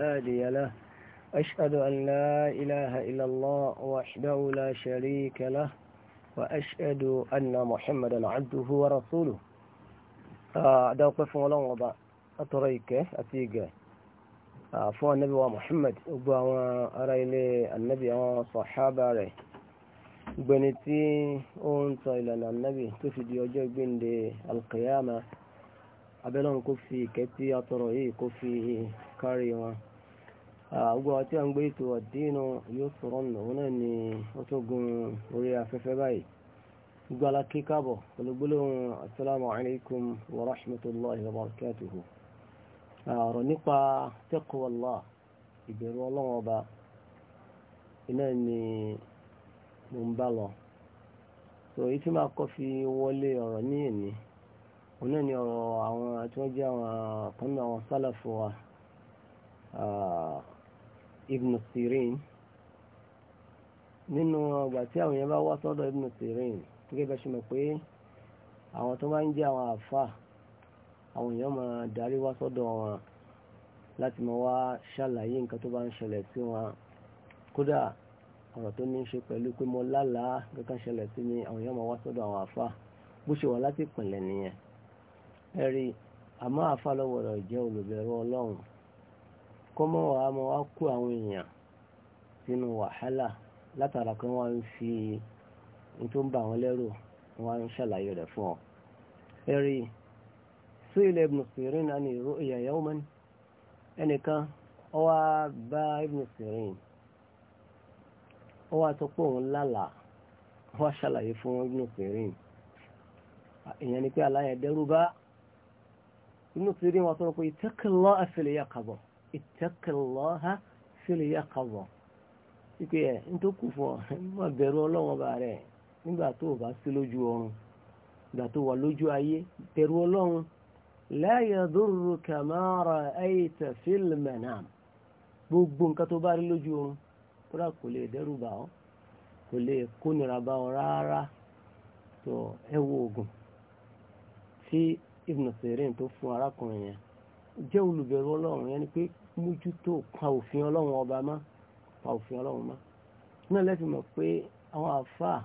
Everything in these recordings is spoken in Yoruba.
هادي له أشهد أن لا إله إلا الله وحده لا شريك له وأشهد أن محمدا عبده ورسوله أدعو قف ولا وضع أتريك أتيك فهو النبي ومحمد أبا أرى لي النبي وصحابة بنتي أنت إلى النبي تفيد يوجد بند القيامة abẹ́lọ́run kó fi ìkẹ́ tí a tọrọ yìí kó fi kárí wọn gbogbo àwọn tí a ń gbé ètò àdínà yóò sọ̀rọ̀ nà wọn náà ni wọ́n tó gun orí afẹ́fẹ́ báyìí gbogbo aláké káàbọ̀ pẹ̀lú gbólóhùn asalaamu alaykum wa rahmatulahi wa barakatuhu ọ̀rọ̀ nípa taqwallah ìbẹ̀rù ọlọ́run ọba iná ni mo ń bá lọ so èyí tí máa kọ́ fi wọlé ọ̀rọ̀ ní èní òun náà ni ọ̀rọ̀ àwọn tí wọ́n jẹ́ àwọn kan náà àwọn sálàfù wa ah, Ibn Sirin nínú ọgbà tí àwọn yẹn bá wá sọ́dọ̀ Ibn Sirin gẹ́gẹ́ bá ṣe mọ̀ pé àwọn tó máa ń jẹ́ àwọn àfà àwọn èèyàn máa darí wá sọ́dọ̀ wọn láti máa wá ṣàlàyé nǹkan tó bá ń ṣẹlẹ̀ sí wọn kódà ọ̀rọ̀ tó ní ṣe pẹ̀lú pé mo lálàá kankan ṣẹlẹ̀ sí mi àwọn èèyàn máa wá sọ́dọ̀ àwọn àfà bó ṣe wà láti ìpìnlẹ̀ nìyẹn ẹ̀rí àmọ́ àfàlọ́wọ̀rọ̀ jẹ́ olùbẹ̀rù ọlọ́run kọ́ mọ́ wàá mọ́ wá kó àwọn èèyàn sínú wàhálà látara kan wá ń fi ohun tó ń bà wọ́n lẹ́rù wá ń ṣàlàyé rẹ̀ fún ọ. ẹ̀rí sí ilẹ̀ ibn Sirin náà ní ìró ìyá ẹnìkan wá bá wá tó òun lálàá wá ṣàlàyé fún ibn ìyẹn ni pé aláyẹ̀dẹ́rú bá. inú ti rí wọn sọ́rọ̀ pé ittaqillaha fil yaqaza ittaqillaha fil yaqaza wípé ẹ̀ ń tó kù fún ọ má bẹ̀rù ọlọ́wọ́n bá rẹ̀ nígbà tó o bá sí lójú ọrùn nígbà tó wà lójú ayé bẹ̀rù ọlọ́run la yadurruka ma ra'ayta fil manam gbogbo nǹkan tó bá rí lójú oorun kódà kò lè dẹ́rù bà ọ́ kò lè kónira bá ọ Ibn Sirin tó fún arákùnrin yẹn jẹ́ olùbẹ̀rù ọlọ́run yẹn ni pé mójútó pa òfin ọlọ́run ọba má pa òfin ọlọ́run má náà lẹ́fi mọ̀ pé àwọn àfáà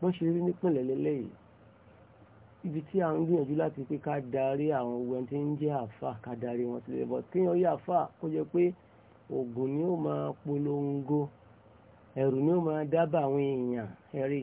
wọ́n ṣe rí nípìnlẹ̀ lélẹ́yìí ibi tí a ń gbìyànjú láti pé ká darí àwọn ogun tí ń jẹ́ àfáà ká darí wọn sílẹ̀ bọ́ kéèyàn yí àfáà kó jẹ́ pé ògùn ni ó máa polongo ẹ̀rù ni ó máa dábàá àwọn èèyàn ẹ̀rí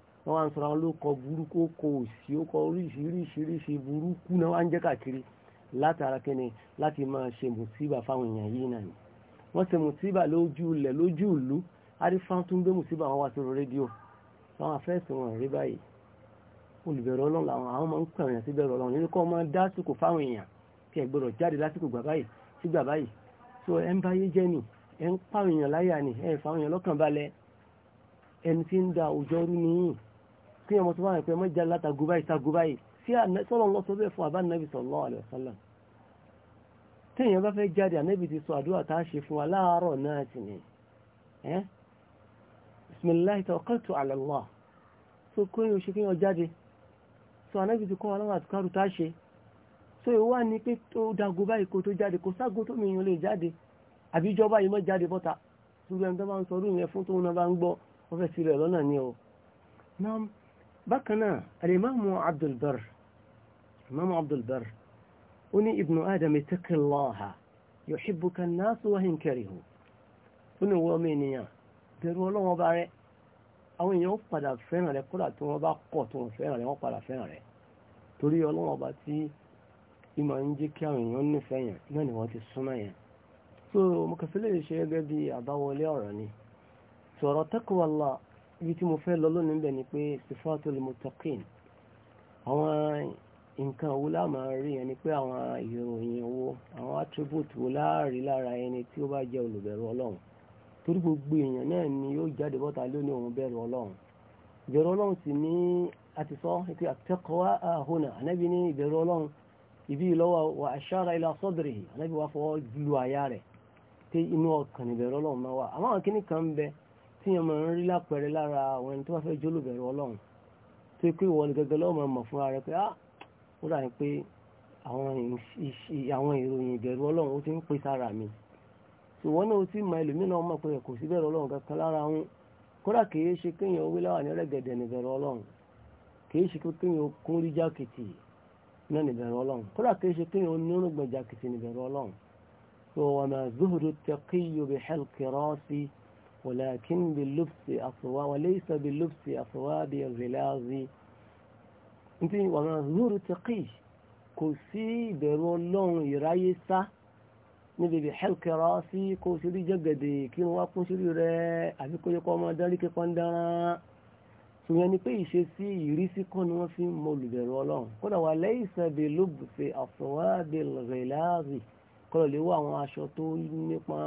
wọ́n wá ń sọ̀rọ̀ àwọn olóko burúkú kò sí ó kọ oríṣiríṣiríṣi burúkú náà wá ń jẹ́ káàkiri látara kẹ́ni láti máa ṣe mùsíbà fáwọn èèyàn yìí náà ni wọ́n ṣe mùsíbà lójú ilẹ̀ lójú ìlú arífáwọn tó ń gbé mùsíbà wọn wá sórí rédíò àwọn afẹ́sùn wọn rí báyìí olùbẹ̀rẹ̀ ọlọ́run làwọn àwọn máa ń pè èèyàn sí bẹ̀rẹ̀ ọlọ́run nínú kọ́ máa dásìkò fáwọn èèyàn kí ẹ gbọ́dọ̀ jáde lásìkò gbà báyìí sí báyìí so ẹ ń báyé jẹ́ nì ẹ ń pàwọn èèyàn láyà ẹni tí ń da òjọ́rú nìyí kí ọmọ tó bá rìn pé mọ́ jà látago báyìí tago báyìí sí sọ́lọ́ lọ sọ bẹ́ẹ̀ fún àbá nàbì sallallahu alaihi wasallam tí èèyàn bá fẹ́ jáde ànábì ti sọ àdúrà tá a ṣe fún wa láàárọ̀ náà sì ni bisimilahi tawakkaltu ala Allah so kó yóò ṣe kí wọ́n jáde so ànábì ti kọ́ wa láwọn àtúkárù tá a ṣe so ìwà ni pé tó dago kó tó jáde kó ságo tó mìíràn lè jáde àbí yìí mọ́ jáde bọ́ta ṣùgbọ́n tó bá ń sọ ọdún yẹn fún tóun náà bá ń gbọ́ wọ́n fẹ́ sílẹ̀ lọ́nà ni o. بكنا الإمام عبد البر الإمام عبد البر أني ابن آدم اتق الله يحبك الناس وهم كرهوا أني ومنيا bẹ̀rù ọlọ́wọ́n bá rẹ àwọn èèyàn padà fẹ́ràn rẹ kódà tí wọ́n bá kọ̀ tó wọ́n fẹ́ràn rẹ wọ́n padà fẹ́ràn rẹ torí ọlọ́wọ́n bá tí ìmọ̀ ń jẹ́ kí àwọn èèyàn nífẹ̀ẹ́ yẹn náà ni wọ́n ti súnmọ́ yẹn so mo kàn fi lè ṣe gẹ́gẹ́ bí àbáwọlé ọ̀rọ̀ ni sọ̀rọ̀ taqwa ibi tí mo fẹ́ lọ lónìí bẹ̀ ni pé sifatul muttaqin àwọn nǹkan wo la rí yẹn ni pé àwọn ìròyìn wo àwọn attribute wo láàrí lára ẹni tí ó bá jẹ́ olùbẹ̀rù ọlọ́run torí gbogbo èèyàn náà ni yóò jáde bọ́ta lónìí òun bẹ̀rù ọlọ́run ìbẹ̀rù ọlọ́run sì ní àti sọ pé àtẹ́kọ̀ọ́ àhónà ànábì ní ìbẹ̀rù ọlọ́run ibi ìlọ́wọ́ wa ashara ila sadrihi ànábì wà fọwọ́ lu àyà rẹ̀ pé inú ọkàn ìbẹ̀rù ọlọ́run máa wà àmọ́ àwọn kìnnìkan ń tí yẹn máa ń rí lápẹẹrẹ lára àwọn ẹni tó bá fẹ́ jólùbẹ̀rù ọlọ́run tó pé ìwọ ni gẹ́gẹ́ lọ́wọ́ máa mọ̀ fúnra rẹ pé ah ó dà ní pé àwọn ìròyìn ìbẹ̀rù ọlọ́run ó ti ń pè sára mi ṣùgbọ́n náà ó ti mọ ẹlòmíràn ọmọ pé kò sí bẹ̀rù ọlọ́run kankan lára wọn kódà kì í ṣe kéèyàn owó láwà ní ọ̀rẹ́gẹ̀dẹ̀ níbẹ̀rù ọlọ́run kì í ṣe kéèyàn kún rí jákìtì náà níbẹ̀rù ọlọ́run kódà kì í ṣe kéèyàn onírúgbọ̀n jákìtì níbẹ̀rù ọlọ́run. tó wọn náà zuhudu taqiyyu bi halqi rasi ولكن باللبس أصواب وليس باللبس أصواب الغلاظ انت ومنظور تقي kò sí ìbẹ̀rù ọlọ́run ìráyé sá níbi ibi hẹ́lkẹ́ra sí kó o ṣeré jẹ́gẹ̀dẹ̀ kí wọ́n wá kún sírí rẹ̀ àbí kó yẹ kó ọmọ darí kíkan dáràn ṣùgbọ́n ni pé ìṣesí ìrísí kan ni wọ́n fi ń mọ olùbẹ̀rù ọlọ́run kódà wà lẹ́yìn ìṣẹ̀bẹ̀ ló bù ṣe àfọwábẹ̀ rẹ̀ láàrì kọ́lọ̀ lè wọ àwọn aṣọ tó nípa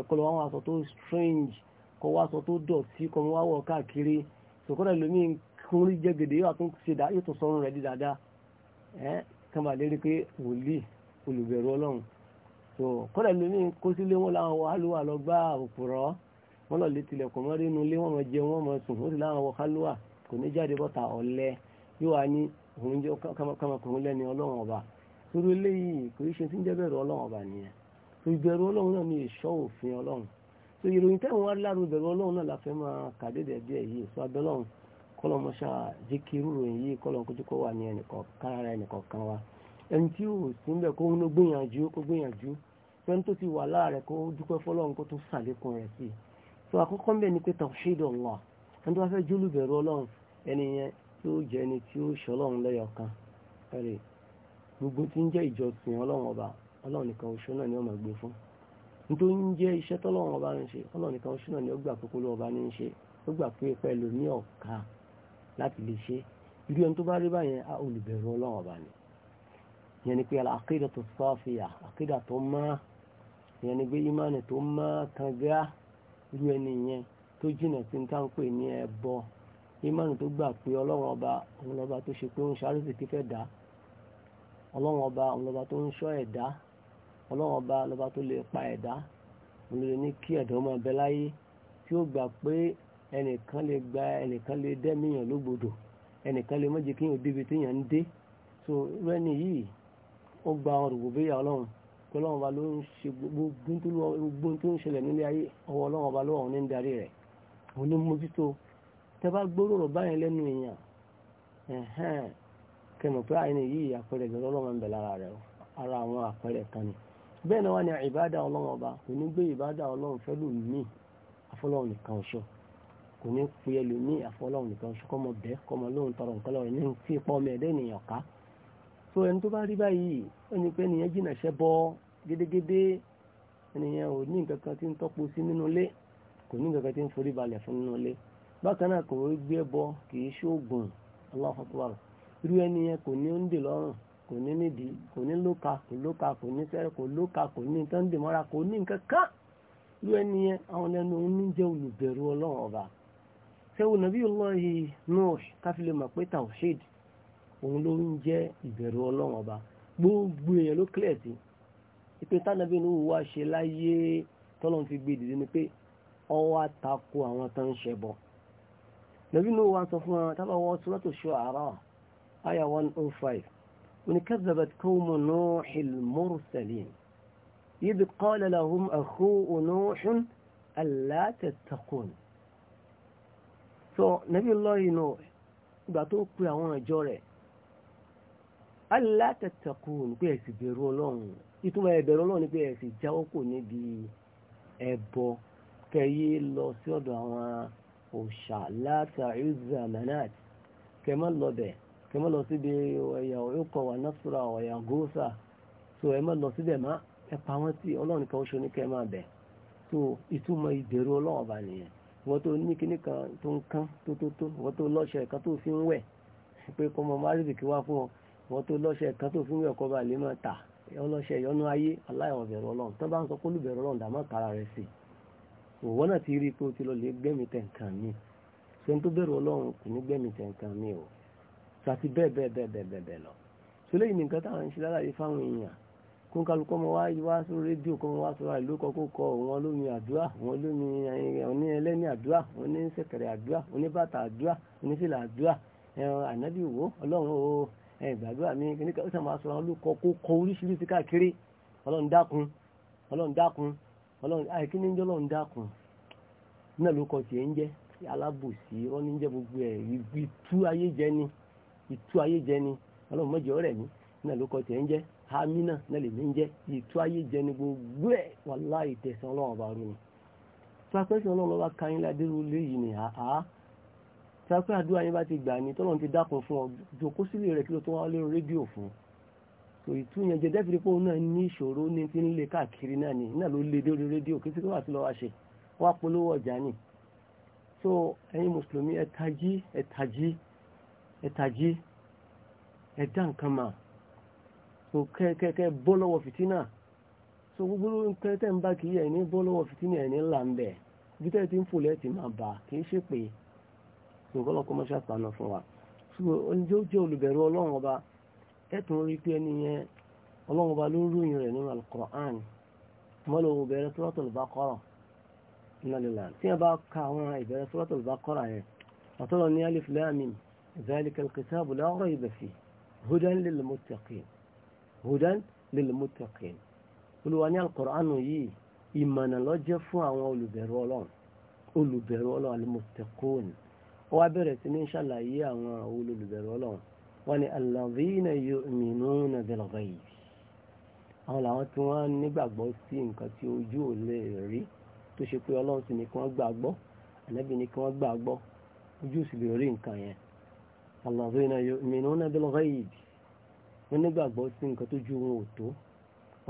ẹ̀kọ́ lọ wọ́n aṣọ tó strange kọ́ wọ́n aṣọ tó dọ̀tí kọ́ wọ́n wọ́ káàkiri ṣòkòrò ìlòmí kún rí jẹ́gẹ̀dẹ̀ yóò tún ṣe dá yóò tún sọ̀rọ̀ rẹ̀ dídáadáa ẹ̀ kàn bá lérí pé wòlíì olùbẹ̀rù ọlọ́run tó kọ́dà ìlòmí kó sílé wọn láwọn wàhálùwà lọ gbá òpùrọ̀ wọn lọ lè tilẹ̀kùn mọ́ rí inú ilé wọn mọ jẹun wọn mọ sùn ó sì láwọn wàhálùwà kò ní jáde bọ́ta ọ̀lẹ yóò wá ní òun jẹ́ kọ́mọkùnrin lẹ́ni ọlọ́run ọba torí eléyìí kò í ṣe tí ń jẹ́ bẹ̀rù ọlọ́run ọba nìyẹn so ìbẹ̀rù ọlọ́run náà ni ìṣọ́ òfin ọlọ́run so ìròyìn tẹ́wọ̀n wá láàrú ìbẹ̀rù ọlọ́run náà la fẹ́ máa kàdédé díẹ̀ yìí so abẹ́ ọlọ́run kọ́lọ́ mọ́ṣá jẹ́ kí irú ìròyìn yìí kọ́lọ́ kójú kó wà ní kára ẹnìkan kan wa ẹni tí ò sí ń bẹ̀ kó ń gbìyànjú kó gbìyànjú fẹ́ni tó ti wà láàrẹ̀ kó dúpẹ́ fọlọ́run kó tún sàlékún rẹ̀ sí so àkọ́kọ́ ń bẹ̀ ni pé tawhid Allah ẹni tó bá fẹ́ júlù bẹ̀rù ọlọ́run ẹni yẹn tí ó jẹ́ ọlọ́run nìkan oṣù náà ni ó máa gbé fún nítorí ń jẹ́ iṣẹ́ tọ́lọ́run ọba ń ṣe ọlọ́run nìkan oṣù náà ni ó gbà pé kó lọ́wọ́ ọba ní í ṣe ó gbà pé pẹ̀lú ní ọ̀ka láti lè ṣe irú ẹni tó bá rí báyẹn á olùbẹ̀rù ọlọ́run ọba ni ìyẹn ni pé àkídà tó sáfìyà àkídà tó má ìyẹn ni pé ìmánì tó má kanga irú ẹni yẹn tó jìnà sí ní táǹpé ní ẹbọ ìmánì tó gbà pé ọlọ́run ọba òun lọ́ba tó ṣe pé òun ṣàrìsì kí fẹ́ dá ọlọ́run ọba òun lọ́ba tó ń ṣọ́ ẹ̀dá ọlọ́run ọba lọ́ba tó lè pa ẹ̀dá òun lè ní kí ẹ̀dá ọmọ ọbẹ̀ láyé tí ó gbà pé ẹnìkan lè gba ẹnìkan lè dẹ́míyàn lógbòdò ẹnìkan lè mọ́jẹ kíyàn débi téèyàn ń dé so rẹ́ni yìí ó gba àwọn rògbòbéyà ọlọ́run pé ọlọ́run ọba ló ń ṣe gbogbo tó ń ṣẹlẹ̀ nílé ayé ọwọ́ ọlọ́run ọba lọ́wọ́ ní ń darí rẹ̀ òun ní mójútó tẹ bá gbóró rọ̀ báyẹn lẹ́nu èèyàn kẹmọ̀ pé àyìn yìí àpẹẹrẹ ìgbẹ́rọ́ ọlọ́run ń bẹ lára rẹ̀ ara àwọn àpẹẹrẹ kan ni bẹ́ẹ̀ náà wà ní ìbádà ọlọ́run ọba kò ní gbé ìbádà ọlọ́run fẹ́lú mi afọlọ́run nìkan ṣọ kò ní pe ẹlòmíì afọlọ́run nìkan ṣọ kọ́mọ kọ́mọ lóhun tọrọ nǹkan lọ́rọ̀ ní fi pọ́ ọmọ ẹ̀dẹ́ ènìyàn so ẹni tó bá rí báyìí ẹni pé ènìyàn jìnà ṣẹ́ bọ́ gédégédé ènìyàn ò ní nǹkan kan ti ń tọ́po sí nínú ilé kò ní nǹkan kan tí ń forí kò ní nídìí kò ní lóka kò lóka kò ní sẹ́rẹ̀ kò lóka kò ní nǹkan dèmọ́ra kò ní nǹkan kan ló ẹni yẹn àwọn ẹnu ní jẹ́ olùbẹ̀rù ọlọ́run ọba sẹ́wò nàbí ọlọ́ọ̀hì Nuh káfílẹ̀ mọ̀ pé tawhid òun ló ń jẹ́ ìbẹ̀rù ọlọ́run ọba gbogbo èèyàn ló kílẹ̀ sí ipe tánàbí ní wàá ṣe láyé tọ́lọ́n fi gbé dìde ni pé ọwọ́ àtakò àwọn tó ń ṣẹbọ nàbí ní wàá sọ fún wọn tábà wọ́n Suratu Shu'ara àyà one oh five وني كذبت قوم نوح المرسلين إذ قال لهم أخوه نوح ألا تتقون so نبي الله نوح باتو كوي àwọn ìjọ rẹ̀ ألا تتقون pé ẹ sì bẹ̀rù Ọlọ́run ìtumọ̀ ẹ bẹ̀rù Ọlọ́run ni pé ẹ sì jáwọ́ kò ní bí ẹbọ kẹ́yẹ lọ sí ọ̀dọ̀ àwọn òòṣà Lata Uzza Manat kẹ́ má lọ bẹ́ẹ̀ ẹ má lọ síbi ẹ̀yà òyìnkọ̀ wà násùrà ọ̀yà gúúsà so ẹ má lọ síbẹ̀ má ẹ pa wọ́n tí ọlọ́run nìkan oṣù ní kẹ́ẹ̀ máa bẹ̀ so ìtumọ̀ ìbẹ̀rù ọlọ́run ọba nìyẹn ìwọ́n tó ní kíní kan tó ń kán tó tó tó ìwọ́n tó lọ́ṣẹ̀ kan tó fi ń wẹ̀ pé kọ́mọ márìbì kí wá fún ọ ìwọ́n tó lọ́ṣẹ̀ kan tó fi ń wẹ̀ kọ́ bá lè máa tà ọlọ́ṣẹ̀ ìyọnu ayé aláìwọ̀bẹ̀rù ọlọ́run tó bá ń sọ pé olùbẹ̀rù ọlọ́run dàmọ́ kára rẹ̀ sí i òwò náà ti rí i o ti lọ lè gbẹ̀mí tẹ̀ so àti bẹ́ẹ̀ bẹ́ẹ̀ bẹ́ẹ̀ bẹ́ẹ̀ bẹ́ẹ̀ bẹ́ẹ̀ lọ so lẹ́yìn nìkan táwọn ń ṣe lálàyé fáwọn èèyàn kó kálukọ́ mọ wá wá sórí rédíò kọ́ mọ wá sórí àìlú kọ́ kó kọ wọn lómi àdúrà wọn lómi ọ̀ní ẹlẹ́ni àdúrà ọ̀ní sẹ̀kẹ̀rẹ̀ àdúrà ọ̀ní bàtà àdúrà ọ̀ní fìlà àdúrà ànábì wo ọlọ́run o ìgbàdúrà mi kí ní ká ó sì máa sọ àwọn olùkọ́ kó kọ oríṣiríṣi káàkiri ọlọ́run dákun ọlọ́run dákun ọlọ́run àìkí ní ń jẹ́ ọlọ́run dákun náà ló ìtú ayé jẹ ni ọlọ́run mọ́jọ rẹ̀ mí náà ló kọ́ tiẹ̀ ń jẹ́ àmì náà náà lè mí ń jẹ́ ìtú ayé jẹ ni gbogbo ẹ̀ wàláhì tẹ̀sán ọlọ́run ọba rú ni. sàpẹ́sì ọlọ́run lọ́ba káyín ládérú léyìí ni àá sàpẹ́ àdúrà yín bá ti gbà ní tọ́lọ́run ti dákun fún ọ jòkó sílé rẹ̀ kí ló tó wá lérò rédíò fún tò ìtú yẹn jẹ dẹ́fìrí pé òun náà ní ìṣòro ní ti ń le káàkiri náà ni náà so ẹ̀yin mùsùlùmí ẹ tají ẹ̀tàjí ẹ̀dá nǹkan mà so kẹ́kẹ́kẹ́ bọ́ lọ́wọ́ fìtínà so gbogbo nǹkan tẹ́ ń bá kì í yẹ ní bọ́ lọ́wọ́ fìtínà ẹ̀ ní ń bẹ̀ bí tẹ́ ti ń fò lẹ́ẹ̀tì máa bà kì í ṣe pé nǹkan lọ́kọ́ mọ́ ṣàpànà fún wa so oúnjẹ ó jẹ́ olùbẹ̀rù ọlọ́run ọba ẹ̀tùn rí pé ẹni yẹn ọlọ́run ọba ló ròyìn rẹ̀ nínú alukur'an ìbẹ̀rẹ̀ ذلك الكتاب لا ريب فيه هدى للمتقين هدى للمتقين olùwàní alukọ̀ránù yìí ìmọ̀nà ló jẹ́ fún àwọn olùbẹ̀rù ọlọ́run olùbẹ̀rù ọlọ́run alimutekun ó wá bẹ̀rẹ̀ sí ní ṣàlàyé àwọn olùbẹ̀rù ọlọ́run wọ́n ní alàbíyìnà yu'minuna bil ghayb àwọn làwọn tí wọ́n nígbàgbọ́ sí nǹkan tí ojú ò lè rí tó ṣe pé ọlọ́run sì ní kí wọ́n gbàgbọ́ ànábì ní kí wọ́n gbàgbọ́ ojú sì lè rí nǹkan yẹn alladhina yu'minuna bil ghaib wọ́n nígbàgbọ́ sí nǹkan tó ju wọn ò tó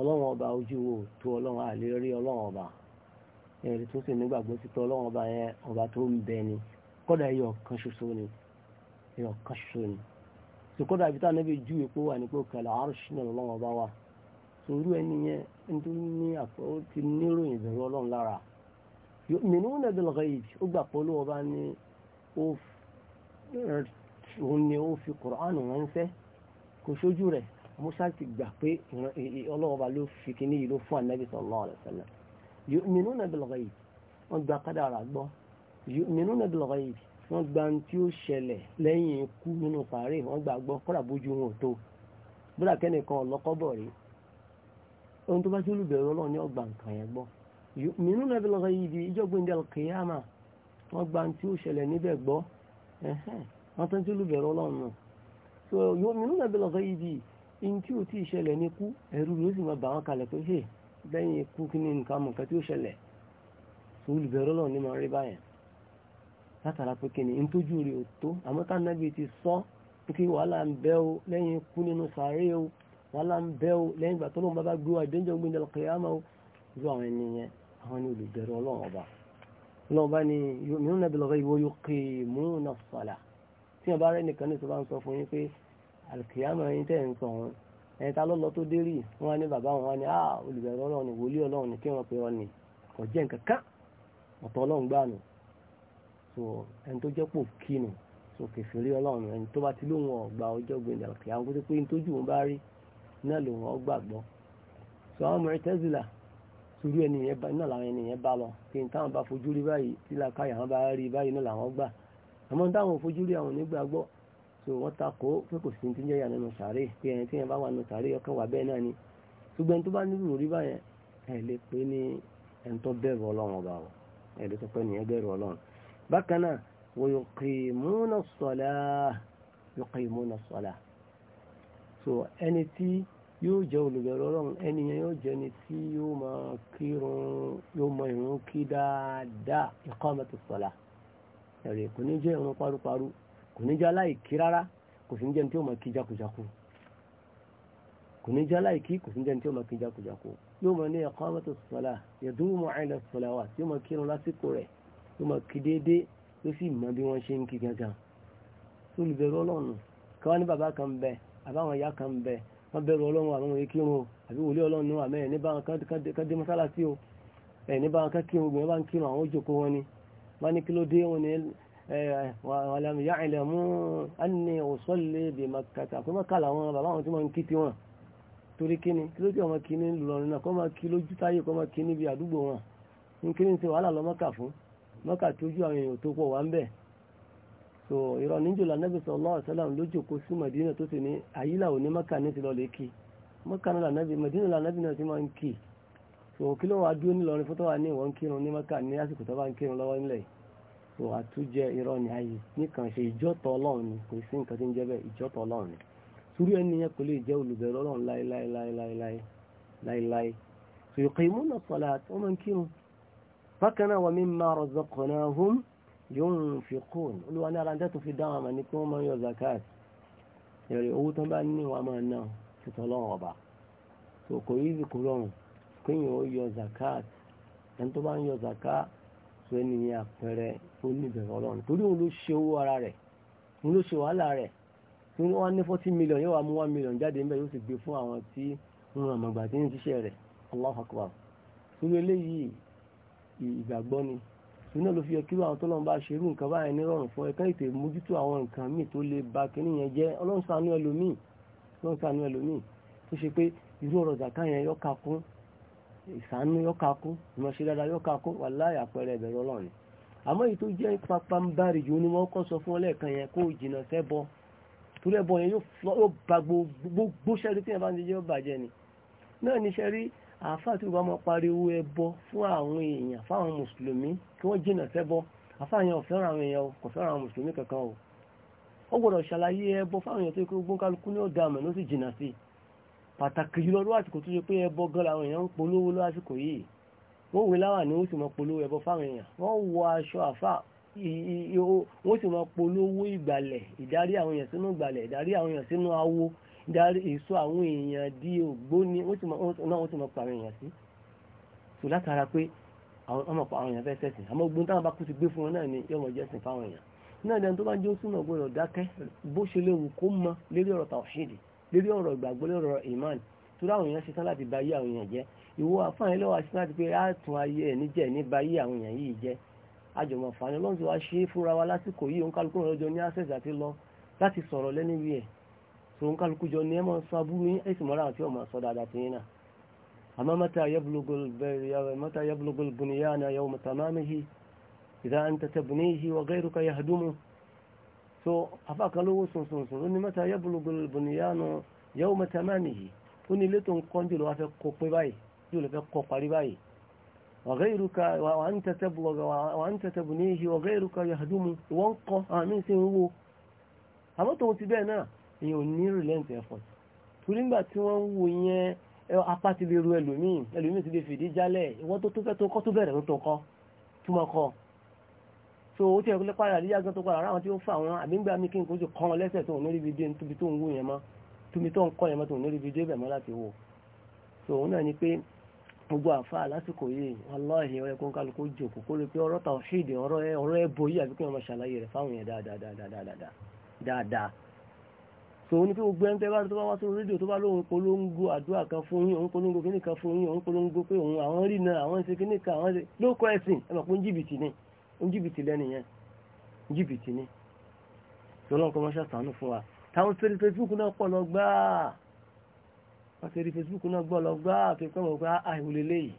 ọlọ́run ọba ojú wo tó ọlọ́run àlè rí ọlọ́run ọba ẹ̀rí tó sì nígbàgbọ́ sí pé ọlọ́run ọba yẹn ọba tó ń bẹ ni kódà ẹyọ kan ṣoṣo ni ẹyọ kan ṣoṣo ni tó kódà ibi táwọn ju epo wà ní pé àrùsí náà ọlọ́run ọba wà torú ẹni yẹn nítorí ní àpò ó ti níròyìn ìbẹ̀rù ọlọ́run lára mìíràn ó gbà òun ni ó fi kùránù ránṣẹ́ kò sójú rẹ̀ musa ti gbà pé ọlọ́ọ̀ba ló fi kíní yìí ló fún anabi sallallahu alaihi wasallam yu'minuna bil ghaib wọ́n gba kádàrà gbọ́ yu'minuna bil ghaib wọ́n gba ohun tí ó ṣẹlẹ̀ lẹ́yìn ikú nínú sàárè wọ́n gbà gbọ́ kọ́ra bójú wọn ò tó bóra kẹ́nìkan ọ̀lọ́kọ́bọ̀ rí ohun tó bá ti olùbẹ̀rù ọlọ́run ní ọgbà nǹkan yẹn gbọ́ yu'minuna bil ghaib ìjọgbìn wọ́n tán tí olùbẹ̀rẹ̀ ọlọ́run náà so yóò mi nígbà bí lọ́sọ yìí bíi in tí ò tí ì ṣẹlẹ̀ ní kú ẹ̀rù yóò sì máa bà wọ́n kalẹ̀ pé hey lẹ́yìn ikú kí ni nǹkan mọ̀ nǹkan ó ṣẹlẹ̀ so olùbẹ̀rẹ̀ ọlọ́run ní máa rí báyẹn látara pé kí ni n tójú rẹ̀ ò tó àmọ́ tá nàbí ti sọ pé wàhálà ń bẹ o lẹ́yìn ikú nínú sàárè o wàhálà ń bẹ o lẹ́yìn ìgbà tó lóun bá gbé wa ìdẹ́njọ́ gbé tí wọn bá rẹ nìkan ní sọba ń sọ fún yín pé àlùkìyàmọ yín tẹ̀ ń sọ wọn ẹni ta ló tó dé wọn ní bàbá wọn ní ah olùbẹ̀rẹ̀ ọlọ́run ni wòlíì ọlọ́run ni kí wọn pe ọ ní kò nǹkan kan ọ̀tọ̀ ọlọ́run gbà nù so ẹni tó jẹ́ pò kínu so kẹfìrí ọlọ́run ẹni tó bá ti lóun ọ̀gbà ọjọ́ gbẹ̀dẹ̀ àlùkìyàmọ kó tó pé ní tójú òun bá rí náà lòun ọgbàgbọ́ so àwọn Mu'tazila torí ẹni yẹn bá lọ kí n táwọn bá fojú rí báyìí tí làkàyà wọn bá rí báyìí náà làwọn gbà àmọ́ táwọn òfojú rí àwọn onígbàgbọ́ tó wọ́n takò pé kò sí ti ń jẹ́yà nínú sàárè pé ẹni tí yẹn bá wà nínú sàárè ọkàn wà bẹ́ẹ̀ náà ni ṣùgbọ́n tó bá nílùú rí báyẹn ẹ̀ lè pé ní ẹni tó bẹ̀rù ọlọ́run ọba o ẹ̀ lè sọ pé nìyẹn bẹ̀rù ọlọ́run bákan náà wọ́n yuqimuna salah yuqimuna salah so ẹni tí yóò jẹ́ olùbẹ̀rù ọlọ́run ẹni yẹn yóò jẹ́ ni tí yóò máa kírun yóò máa ìrun kí dáadáa iqamatus ẹ̀rì kò ní jẹ́ ìrun paruparu kò ní jẹ́ aláìkí rárá kò sí ní jẹ́ ní tí ó máa kí jákujáku kò ní jẹ́ aláìkí kò sí ní jẹ́ tí ó máa kí jákujáku yóò máa ní iqamatu salah yadumu ala salawat yóò máa kírun lásìkò rẹ̀ yóò máa kí déédéé ló sì mọ bí wọ́n ṣe ń kí gangan olùbẹ̀rù ọlọ́run kí wọ́n ní bàbá kan bẹ àbáwọn ìyá kan bẹ wọ́n bẹ̀rù ọlọ́run àwọn ọmọ ìkírun o àbí wòlé ọlọ́run àmẹ́ ẹ̀ ní báwọn kan dé mọ́sálásí o ẹ̀ ní báwọn kan kírun gbìyànjú bá ń kírun àwọn òjòkó wọn ni wọ́n ní kí ló dé wọn ni wàlámi yá ilẹ̀ mú ẹni òsọ́lẹ̀ bí makata pé mọ́kà làwọn bàbá wọn tí wọ́n ń kí tiwọn torí kíni kí ló dé ọmọ kí ní lọrin náà kọ́ máa kí lójú táyé kọ́ máa kí níbi àdúgbò wọn ní kí ti wàhálà lọ mọ́kà fún mọ́kà tí ojú àwọn èèyàn tó pọ̀ wá ń bẹ̀ so ìrọ̀ níjò lànàbì sallallahu alaihi wasallam lójú kó sí Mẹdínà tó sì ní àyílà òní mọ́kà ní ti lọ lè kí mọ́kà náà lànàbì Mẹdínà lànàbì náà ti máa ń kí so kí ló wàá dúró nílọrin fún tó wà ní ìwọ̀n kírun ní mẹ́kà ní àsìkò tó bá ń kírun lọ́wọ́ nílẹ̀ so àtújẹ irọ́ ni ayé nìkan ṣe ìjọ́tọ̀ ọlọ́run ni kò sí nǹkan tí ń jẹ́ bẹ́ẹ̀ ìjọ́tọ̀ ọlọ́run ni sórí ẹni yẹn kò lè jẹ́ olùbẹ̀rẹ̀ ọlọ́run láéláéláéláéláé so yuqimuna salat wọ́n máa ń kírun bákan náà wa mimma razaqnahum yunfiqun olúwa ní aláǹdá tó fi dá wọn mà ní pé wọ́n máa ń yọ zakat èrè owó tó bá ní wọn máa ná kéèyàn ó yọ zakat ẹni tó bá ń yọ zakat sọ ẹnìyẹn àpẹẹrẹ ó níbẹ̀rẹ̀ ọlọ́run torí òun ló ṣe owó ara rẹ̀ òun ló ṣe wàhálà rẹ̀ tí wọ́n ní forty million yóò wá mú one million jáde ńbẹ̀ yóò sì gbé fún àwọn tí ń ràn mọ̀gbà tí ń ṣiṣẹ́ rẹ̀ Allahu Akbar sórí eléyìí ìgbàgbọ́ ni ìpínlẹ̀ ló fi yẹ kíló àwọn tọ́lọ́mù bá ṣe irú nǹkan báyẹn nírọ̀rùn fún ẹ̀ka ètò ìmójútó àwọn nǹkan míì tó lè ba kínní yẹn jẹ́ ọlọ́run ṣàánú ẹlòmíì ọlọ́run ṣàánú ẹlòmíì tó ṣe pé irú ọ̀rọ̀ zaka yọ ká ìsànú yọ́kakú ìmọ̀ṣẹ́ dáadáa yọ́kakú wà láyà pẹ̀rẹ̀ ìbẹ̀rẹ̀ ọlọ́run àmọ́ èyí tó jẹ́ pápá ń bá rí ju ni wọ́n kọ́ sọ fún ọlẹ́ẹ̀kan yẹn kó jìnà sẹ́bọ torí ẹbọ yẹn yóò ba gbogbo sẹ́rí tí yẹn bá ń jẹ́ bàjẹ́ ni náà ní sẹ́rí àáfàá tí wọ́n máa pariwo ẹbọ fún àwọn èèyàn fáwọn mùsùlùmí kí wọ́n jìnà sẹ́bọ àáfàá yẹn ọ̀fẹ́ràn àwọn èèyàn kò o ó gbọ́dọ̀ ṣàlàyé ẹbọ pàtàkì jùlọ ló àsìkò tó ṣe pé ẹbọ gan làwọn èèyàn ń polówó ló àsìkò yìí wọ́n wé láwà ní wọ́n sì mọ polówó ẹbọ fáwọn èèyàn wọ́n wọ aṣọ àfà wọ́n sì mọ polówó ìgbàlẹ̀ ìdarí àwọn èèyàn sínú ìgbàlẹ̀ ìdarí àwọn èèyàn sínú awo ìdarí èso àwọn èèyàn di ògbóni wọ́n sì mọ pa àwọn èèyàn sí tò látara pé àwọn ọmọ pa àwọn èèyàn fẹ́ sẹ̀sìn àmọ́ ogun táwọn bá kú ti gbé fún wọn náà ni yọmọ jẹ́sìn fáwọn èèyàn náà ni ẹni tó bá jẹ́ ó súnmọ́ gbọ́dọ̀ dákẹ́ bó ṣe léwu kó mọ lérí ọ̀rọ̀ tàwọn ṣèdè lórí ọ̀rọ̀ ìgbàgbọ́ lórí ọ̀rọ̀ iman tó láwọn èèyàn ṣetán láti ba ayé àwọn èèyàn jẹ́ ìwọ àfáàní lọ́wọ́ ṣetán láti pé àtún ayé ẹ̀ níjẹ́ ní ba ayé àwọn èèyàn yìí jẹ́ àjọmọ̀ fani ọlọ́run ti wá ṣe é fúnra wa lásìkò yìí òǹkálukú ọ̀rọ̀jọ ní access àti lọ láti sọ̀rọ̀ lẹ́nu ìwé tó òǹkálukú jọ ní ẹ máa sọ aburú yín ẹ̀sìn mọ́ra àti ọmọ sọ dáadáa ti yín náà àmọ́ mẹ́ta so afákan lówó onye ó ya mẹ́ta yẹ́bùlùgbòlù ya yẹ́wò mẹ́ta mẹ́rin yìí ó ní ilé tó ń kọ́ jùlọ wá fẹ́ kọ́ pé báyìí jùlọ fẹ́ kọ́ parí báyìí وغيرك وأنت تبلغ وأنت تبنيه وغيرك يهدم وانقى àmì sí owó àmọ́ tó ti bẹ́ẹ̀ náà èèyàn ní relent effort torí ńgbà tí wọ́n wo yẹn apá ti lè ru ẹlòmíì ti so ó ti ẹ̀kọ́ lẹ́pàá àríyá gan tó padà àwọn tí ó fà wọn àbígbà mi kí n kò sì kọ́ wọn lẹ́sẹ̀ tó ní ríbi dé níbi tó ń wú yẹn mọ́ tóbi tó ń kọ́ yẹn mọ́ tó ní ríbi dé bẹ̀ mọ́ láti wò so òun náà ni pé gbogbo àfa lásìkò yìí wàláhì ọ̀rẹ́ kó ń kálukú jòkó kó lè pé ọ̀rọ̀ ta ọ̀ṣídì ọ̀rọ̀ ẹ̀bọ yìí àbí kí wọ́n máa ṣàlàyé rẹ̀ fáwọn yẹn dáadáa so ní pé gbogbo ẹni tẹ́ bá tó bá wá sí rédíò tó bá lóun polongo àdúrà kan fún yín òun polongo kíníkan fún yín òun polongo pé òun àwọn rí náà àwọn ṣe kíníkan àwọn ṣe lóko ẹ̀sìn ẹ̀ mọ̀ pé ń jìbìtì ni ń jìbìtì lẹ́nu yẹn jìbìtì ni lọ́lọ́n kọ́ mọ́ṣá sànú fún wa táwọn sẹ́rí facebook náà pọ̀ lọ gbáà wọ́n sẹ́rí facebook náà gbọ́ lọ gbáà tó pẹ́ wọ́n pé àìwò ah, lélẹ́yìí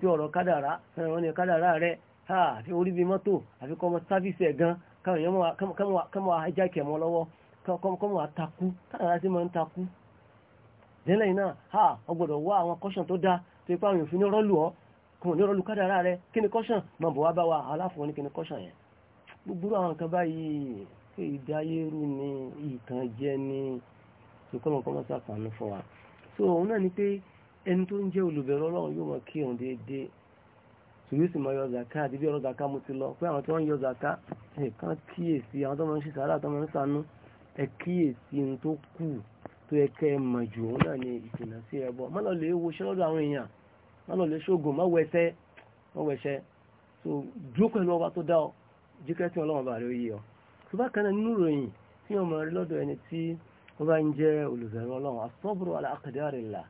tó ọ̀rọ̀ kádàrá fẹ́ràn wọn ni kádàrá rẹ àfi orí bíi mọ́tò àfi kọ́ ọmọ sáfíìsì gan káwọn èèyàn kùn ní ọlọ́lù kádàrá rẹ kí ni kọ́ṣàn máa bọ̀ wá bá wa aláfọ̀ ní kí ni kọ́ṣàn yẹn gbogbo àwọn nǹkan báyìí kí ìdáyérú ni ìtàn jẹ ni ìkọlọ̀kọ́ mọ́sá fàánú fún wa so òun náà ni pé ẹni tó ń jẹ́ olùbẹ̀rọ ọlọ́run yóò máa kírun déédéé so sì máa yọ zaka àti bí ọ̀rọ̀ zaka mo ti lọ pé àwọn tó ń yọ zaka ẹ̀kan kíyèsí àwọn tó máa ń ṣe sàárà tó máa ń sanú ẹ kíyèsí ohun tó kù tó yẹ kẹ́ òun náà ni ìtìnà sí ẹbọ mọ́lọ́lẹ̀ ewo ṣẹ́ lọ́dọ̀ àwọn èèyàn má lọ lè ṣoògùn má wẹsẹ má wẹsẹ so dúró pẹ̀lú ọba tó dá ọ jíkẹ́ tí ọlọ́run bá rí ó yé ọ tó bá kan náà nínú ìròyìn tí ọmọ rí lọ́dọ̀ ẹni tí wọ́n bá ń jẹ́ olùbẹ̀rù ọlọ́run asọ́bùrù alákàdárìlà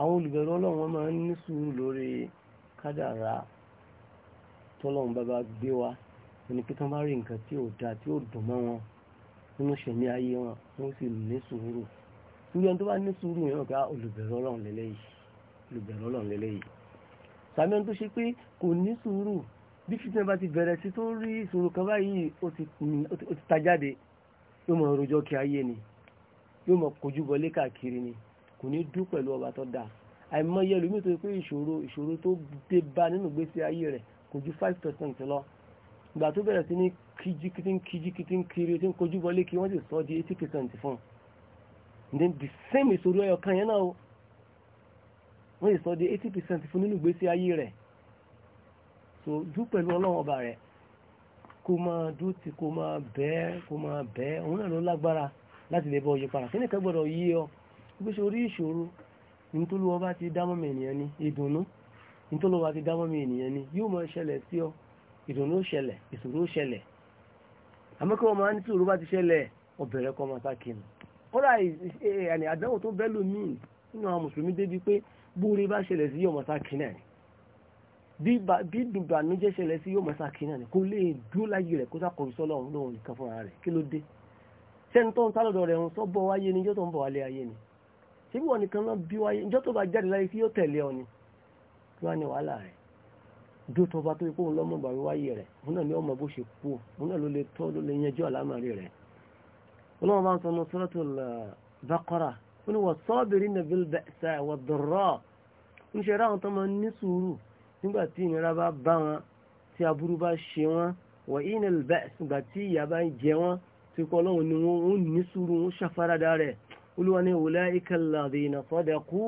àwọn olùbẹ̀rù ọlọ́run wọn máa ń ní sùúrù lórí kádàrá tọ́lọ́run bá bá gbé wa ẹni pé tí wọ́n bá rí nǹkan tí ò dáa tí ò dùn mọ́ wọn nínú ìṣẹ̀mí ayé wọn wọ́n sì ní sùúrù sùúrù ẹni tó bá ní sùúrù yẹn ò ká olùbẹ̀rù ọlọ́run lélẹ́yìí olùbẹ̀rù ọlọ́run lélẹ́yìí sàmì ohun tó ṣe pé kò ní sùúrù bí fìtínà bá ti bẹ̀rẹ̀ sí tó rí ìṣòro kan báyìí ó ti ta jáde yóò mọ rojọ́ kí ayé ni yóò mọ kojú bọlé káàkiri ni kò ní dú pẹ̀lú ọba tó dáa àìmọye ẹlòmíì tó yẹ pé ìṣòro ìṣòro tó dé bá nínú ìgbésí ayé rẹ̀ kò ju five percent lọ ìgbà tó bẹ̀rẹ̀ sí ní kíjíkítí kíjíkítí kiri tí ń kojú bọlé kí wọ́n sì sọ di eighty percent fún un then the same ìṣòro ẹyọ kan yẹn náà wọ́n lè sọ di 80% fún nínú gbèsè ayé rẹ̀ so dú pẹ̀lú ọlọ́run ọba rẹ̀ kó máa ti kó máa bẹ́ẹ̀ kó máa bẹ́ẹ̀ òun náà ló láti lè bọ́ ọyọ para kí nìkan gbọ́dọ̀ yí ọ bí ṣe orí ìṣòro ọba ti dá mọ́mọ ènìyàn ni ìdùnnú ọba ti dá mọ́mọ ènìyàn ni yóò máa ṣẹlẹ̀ sí ọ ìdùnnú ṣẹlẹ̀ ìṣòro ṣẹlẹ̀ bóore bá ṣẹlẹ̀ sí yóò mọ̀ sákínà ni bí dùbànújẹ́ ṣẹlẹ̀ sí yóò mọ̀ sákínà ni kò lè dúró láyé rẹ̀ kó sàkọ̀rọ̀ sọ́lọ́ ọ̀hún lóhun nìkan fúnra rẹ̀ kí ló dé sẹ́ni tó ń sálọ̀dọ̀ rẹ̀ ń sọ́bọ̀ wáyé ni jọ́tọ̀ ń bọ̀ wálé ayé ni ṣé bí wọ́n nìkan náà bí wáyé ìjọ́ tó bá jáde láyé sí yóò tẹ̀lé ọ ni kí wá ní wàhálà rẹ̀ dó tó bá tó kó ń lọ́mọ bàrí wáyé rẹ̀ òun náà ni ọmọ bó ṣe kú òun náà ló lè tọ́ ló lè yanjú àlámàrí rẹ̀ ọlọ́wọ́n bá ń sọ ọmọ suratul Baqara ó ní wọ́n sọ́ọ́bìrì nàbíl bẹ́ẹ̀ sẹ́ wọ́n dọ̀rọ̀ ń ṣe ráwọn tó máa ní sùúrù nígbà tí ìnira bá bá wọn tí aburú bá ṣe wọn wọ ìnà ìbẹ ìgbà tí ìyà bá ń jẹ wọn tí kọ lọ́wọ́ ni wọn ó ní sùúrù wọn ṣàfaradà rẹ̀ olúwa ní ulaika alladhina sadaqu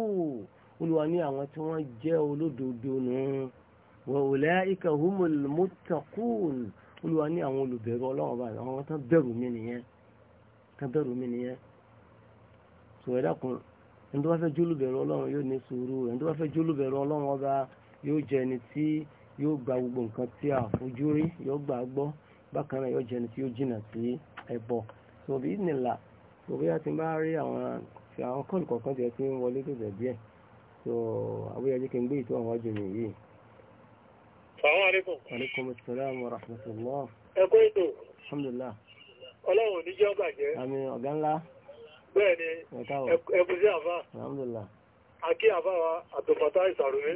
olúwa ní àwọn tí wọ́n jẹ́ olódodo nù wa ulaika humul muttaqun olúwa ní àwọn olùbẹ̀rù ọlọ́wọ́ bá àwọn tán bẹ̀rù mi nìyẹn tán bẹ̀rù mi nìyẹn sọ̀rọ̀ ẹ̀dá kan ẹni tó bá fẹ́ jólùbẹ̀rù ọlọ́run yóò ní sùúrù ẹni tó bá fẹ́ jólùbẹ̀rù ọlọ́run ọba yóò jẹ́ ẹni tí yóò gba gbogbo nǹkan tí a fojú rí yóò gbà á gbọ́ bákan náà yóò jẹ́ ẹni tí yóò jìnnà sí ẹbọ tó bí nìlà tó bí a ti máa rí àwọn àwọn kọ́ọ̀lù kọ̀ọ̀kan tiẹ̀ ti ń wọlé tó bẹ̀ tó àwòyẹ kí n gbé ìtọ́ àwọn ọjọ́ mi yìí. Assalamu alaikum. Alaikum assalam wa rahmatullah. Ẹ kó ètò. Alhamdulillah. Ọlọ́run ò ní bẹ́ẹ̀ni ẹkùsí àfá àkí àfá wa àtòfàtà ìsàrùmí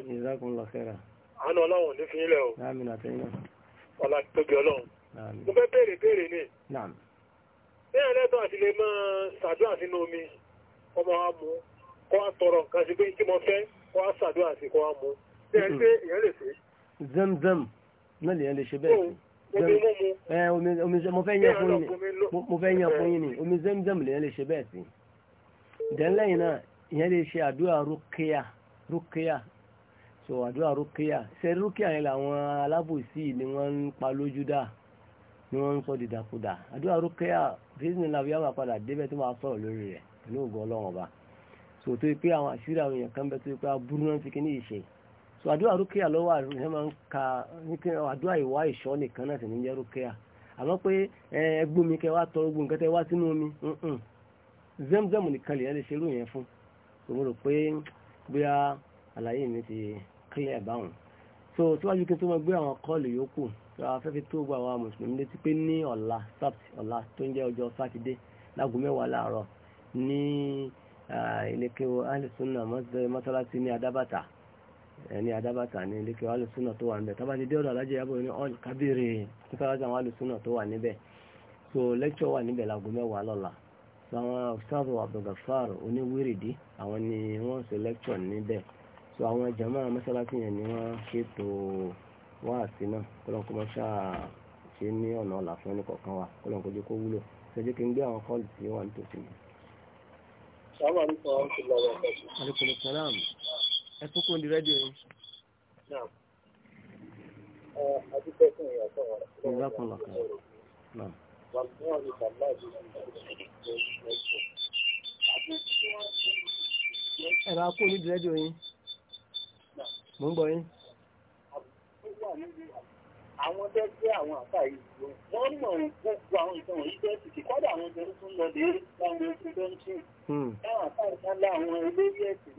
àánú ọlọ́run ní fi ilẹ̀ o ọlá tóbi ọlọ́run mo fẹ́ bèèrè bèèrè ní ní ẹlẹ́tọ̀ àti lè máa ṣàdúrà sínú omi ọmọ wa mú kọ́ wa tọrọ nǹkan sí pé kí mo fẹ́ kọ́ wa ṣàdúrà sí kọ́ wa mú ní ẹ mo fẹ́ yan fún yín mo fẹ́ yan fún yín ni omi zemzem lèyàn lè ṣe bẹ́ẹ̀ sí dẹ́nlẹ́yìn náà ìyẹn lè ṣe àdúrà rúkíà rúkíà so àdúrà rúkíà ṣe rúkíà yẹn làwọn alábòsí ni wọ́n ń pa lójú dà ni wọ́n ń sọ dìdàkudà àdúrà rúkíà bísí làwọn yàrá padà débẹ̀ tó máa sọ̀rọ̀ lórí rẹ̀ pẹ̀lú ògùn ọlọ́wọ́n ọba so tó yẹ pé àwọn àṣírí àwọn èèyàn kan bẹ tó yẹ pé aburú náà ti kí ní ìṣe so àdúrà rúkìá lọ́wọ́ àrùn máa ń ka àdúrà ìwá ìṣọ́ nìkan náà sì ní jẹ́ rúkìá àmọ́ pé ẹgbùn mi kẹ wá tọrọ gbùn kẹtẹ wá sínú omi zemzem nìkan lè ṣe irú yẹn fún mo rò pé bóyá àlàyé mi ti clear báwọn so síwájú kí n tó máa gbé àwọn kọ́ọ̀lù yòókù afẹ́fẹ́ tó gba àwọn mùsùlùmí létí pé ní ọ̀la sabt ọ̀la tó ń jẹ́ ọjọ́ sátidé láago mẹ́wàá láàárọ̀ ní ilé kéwọ́ alisunna mọ́tàlásí ní adábàtà ẹni adábàtà ní ilékè wàá lùsùnà tó wà níbẹ̀ tábà ti dé ọ̀dọ̀ alájẹ yàbọ̀ ní ọ̀l kábírì nípa wàá wàá lùsùnà tó wà níbẹ̀ so lẹ́kṣọ̀ wà níbẹ̀ láago mẹ́wàá lọ́la so àwọn ọ̀sáàbù abdulgafar oníwírìdí àwọn ni wọ́n ṣe lẹ́kṣọ̀ níbẹ̀ so àwọn jama mọ́sálásí yẹn ni wọ́n ṣètò wáàsí náà kọ́lọ́nkó mọ́ṣá ṣe ní ọ̀nà ọ̀la fún ẹnìkọ̀ọ̀kan wa kọ́lọ́nkó jẹ́ kó wúlò ṣẹ́jẹ́ kí n gbé àwọn kọ́ọ̀lù tí wọ́n ń tòṣì mi. sábà nípa ọ̀sùn lọ́wọ́ ẹ tún kún ní rédíò yìí. ẹ bá kún ní rédíò yìí mo ń gbọ́ yín. àwọn tẹ́ tẹ́ àwọn àbá yìí wọ́n mọ̀ gbogbo àwọn ìtàn yìí tẹ́ sì kọ́dà àwọn ọmọ tó ń lọ lè rí àwọn ọmọ tó ń tún. táwọn hmm. àbá ìtàn láwọn eléyìí ẹ̀sìn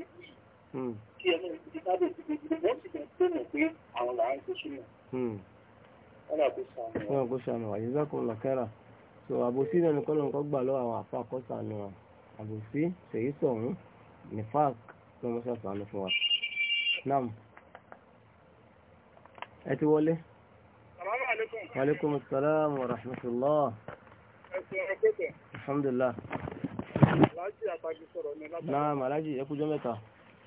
Hmm. tí ẹni ti sábẹ̀ ti gbé jùlọ wọ́n sì bẹ̀rẹ̀ tó mọ̀ pé àwọn làwọn ti súnmọ̀. wọ́n kò sànù wà yíṣẹ́ kò lọ́kẹ́rà so àbòsí náà nìkan lóun kọ́ gbà lọ́wọ́ àwọn àfa kọ́ sànù wa àbòsí ṣèyí sọ̀hún nifak ló mọ́ sàtọ̀ fún wa. nam ẹ ti wọlé. wa alaikum assalam wa rahmatullah. alhamdulillah. Alhaji Atagi sọ̀rọ̀ ní Lábàá. Náà Alhaji ẹ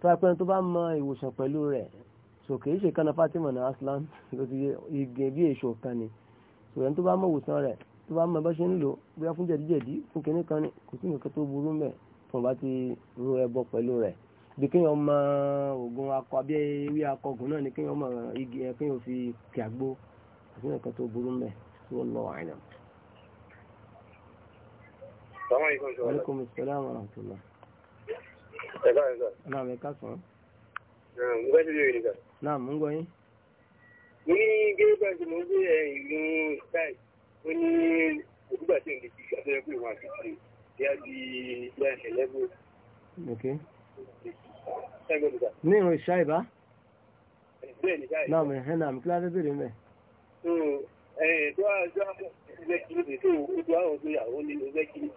tó bá pẹ́ni tó bá mọ ìwòsàn pẹ̀lú rẹ̀ so kì í ṣe kánná Fatima náà aslam ló ti igi bí èso kan ni so ẹni tó bá mọ ìwòsàn rẹ̀ tó bá mọ bá ṣe ń lò bóyá fún jẹ̀díjẹ̀dí fún kinní kan ni kò sí nǹkan tó burú mẹ́ tó bá ti ro ẹbọ pẹ̀lú rẹ̀ bí kéèyàn mọ oògùn akọ abẹ́ ewé akọgùn náà ni kéèyàn mọ igi ẹ kéèyàn fi kí àgbo kò sí nǹkan tó burú mẹ́ tí lọ àìnà. Assalamu alaikum warahmatullahi ẹ̀ka ẹ̀ka. náà mi ká sàn. mo fẹ́ sílẹ̀ yìí nìkan. náà mo ń gbọ́ yín. mo ní gẹ́gẹ́ bá ṣe mo ń gbé ìlú sky ó ní òkúta tí n lè fi àtẹ́rẹ́ pé wọ́n àti ṣe ìyá di ìyá ẹ̀lẹ́gbẹ́. ok. ní ìrìn ìṣá ìbá. bẹ́ẹ̀ ni káyọ̀. náà mi ẹ̀ kí ládé bèrè mẹ́. tó a jọ àwọn ọmọ ẹgbẹ́ kiri tó o tó àwọn ọmọ ìyàwó nínú ẹgbẹ́ kiri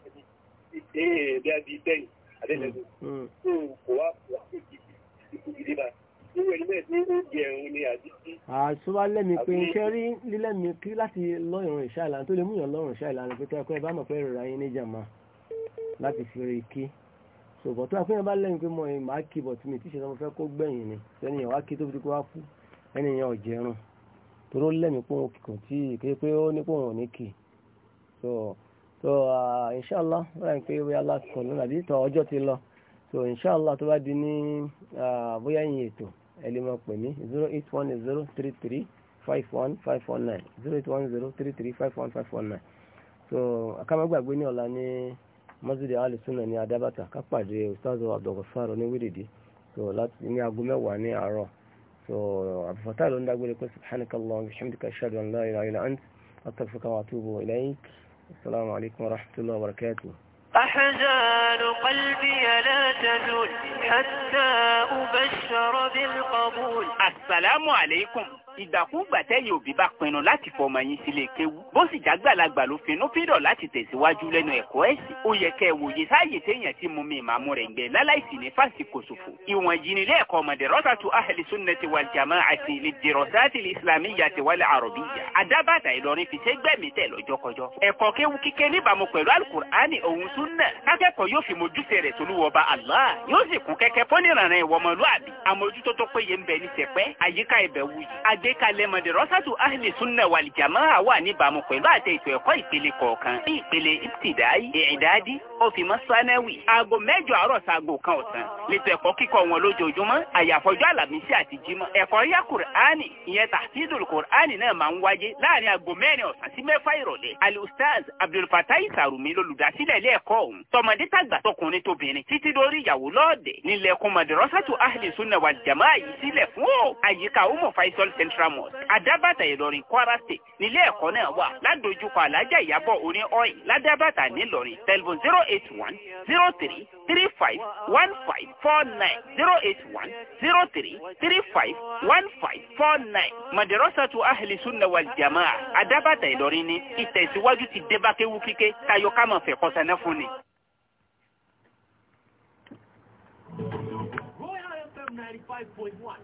ti ṣe é bí a bí bẹ́ẹ̀ àdéhùn hmm. tó hmm. hmm, kò wá kò wá kò gidi bá nínú ẹni bẹ́ẹ̀ tí ó jẹ ẹ̀rùn ni àdíjí. àṣùwà lẹ́mi pé iṣẹ́ rí lílẹ́mi kí láti lọ ìrun ìṣá ìlànà tó lè mú ìyàn lọ́rùn ìṣá ìlànà pé kẹ́kọ́ ẹ bá mọ̀ pé rẹ̀ ayé ní jàmá láti fi rí kí ṣùgbọ́n tó àpéyàn bá lẹ́yìn pé mo ẹ̀ máa kí bọ̀ tí mi ti ṣe lọ́mọ fẹ́ kó gbẹ̀yìn ni ẹnìyàn wá kí tó fi kó wá kú ẹnìyàn ò jẹun toró lẹ́mi pé òun kò tí ì kéde pé ó ní pé òun ò ní kì í so uh, inṣàlá láì pé bóyá lásìkò lónà àbí tọ ọjọ́ ti lọ so inṣàlá tó bá di ní uh, bóyá yìnyín ètò ẹ lè máa pè mí zero eight one zero three three five one five one nine zero eight one zero three three five one five one nine so akámẹ́gbàgbé ní ọ̀la ní masjidi alisuna ní adabata kápàdé ustazo abdulgafar oníwìdìdí so láti ní aago mẹ́wàá ní àárọ̀ so àbúfàtà ló ń dágbére pé subhanakallah wa bihamdika ashhadu an la ilaha illa ant astaghfiruka wa atubu ilayk. السلام عليكم ورحمة الله وبركاته أحزان قلبي لا تزول حتى أبشر بالغفور Assalamu aleykum ìgbàkúgbà tẹ́yìn òbí bá pinnu láti fọmọ yín sílé kéwú bó sì jágbàlagbà ló finú fídọ̀ láti tẹ̀síwájú lẹ́nu ẹ̀kọ́ ẹ̀sìn ó yẹ kẹ́ ẹ wòye sáàyè téèyàn ti mú mi ìmàmú rẹ̀ gbẹ láláìsí ní fásitì ṣòfò ìwọ̀n jìnnìlẹ̀ ẹ̀kọ́ ọmọdé rọ́sàtú ahli sunnati wal jama'ati lè dèrò sáàtì islamiyyati wal arabiyyah adábàtà ìlọrin fi ṣẹ́gbẹ́mí tẹ̀ lọ́jọ́ kọjọ́ ẹ̀kọ́ kéwú kíkẹ́ níbàámu pẹ̀lú alukur'ani allah yóò sì kún kẹ́kẹ́ fọ́nìrànràn ìwọ́mọlúàbí àmójútó olóye ń bẹ ní sẹpẹ́ àyíká ibẹ̀ wuyì. àgbékalẹ̀ madrasatu ahli sunna wal jamaa wà níbàámu pẹ̀lú àtẹ ètò ẹ̀kọ́ ìpele kọ̀ọ̀kan ní ìpele ibtidai ìdádi òfìmọ́ sanawi. aago mẹ́jọ àárọ̀ sago kan ọ̀sán lẹ́tọ̀ ẹ̀kọ́ kíkọ́ wọn lójoojúmọ́ àyàfọ́jọ́ àlàmísì àti jímọ̀. ẹ̀kọ́ yá kùránì ìyẹn tàfídùl kùránì náà máa ń wáyé láàrin aago mẹ́rin ọ̀sán sí mẹ́fà ìrọ̀lẹ́. alustaz abdulfatai sarumi lolùdásílẹ̀ ilé ẹ̀kọ́ ọ̀hún tọmọdé tàgbà tọkùnrin tóbìnrin títí dórí ìyàwó lọ́ọ̀dẹ̀ nílẹ̀kùn madrasatu ahli sunna wal jamaa yìí sílẹ̀ fún o. àyíká umu faisal central mosque adábàtà ìlọrin kwara state nílé ẹ̀kọ́ náà wà ládojúkọ alájà ìyàbọ̀ orin oil ládàbàtà nílọrin telephone zero eight one zero three three five one five four nine zero eight one zero three three five one five four nine. madarasatu ahli sunna wal jamaa Adabata ìlọrin ni ìtẹ̀síwájú ti débàkéwu kíké tayọ kámọ̀ fẹ́ kọ́sánná fún ni. 95.1.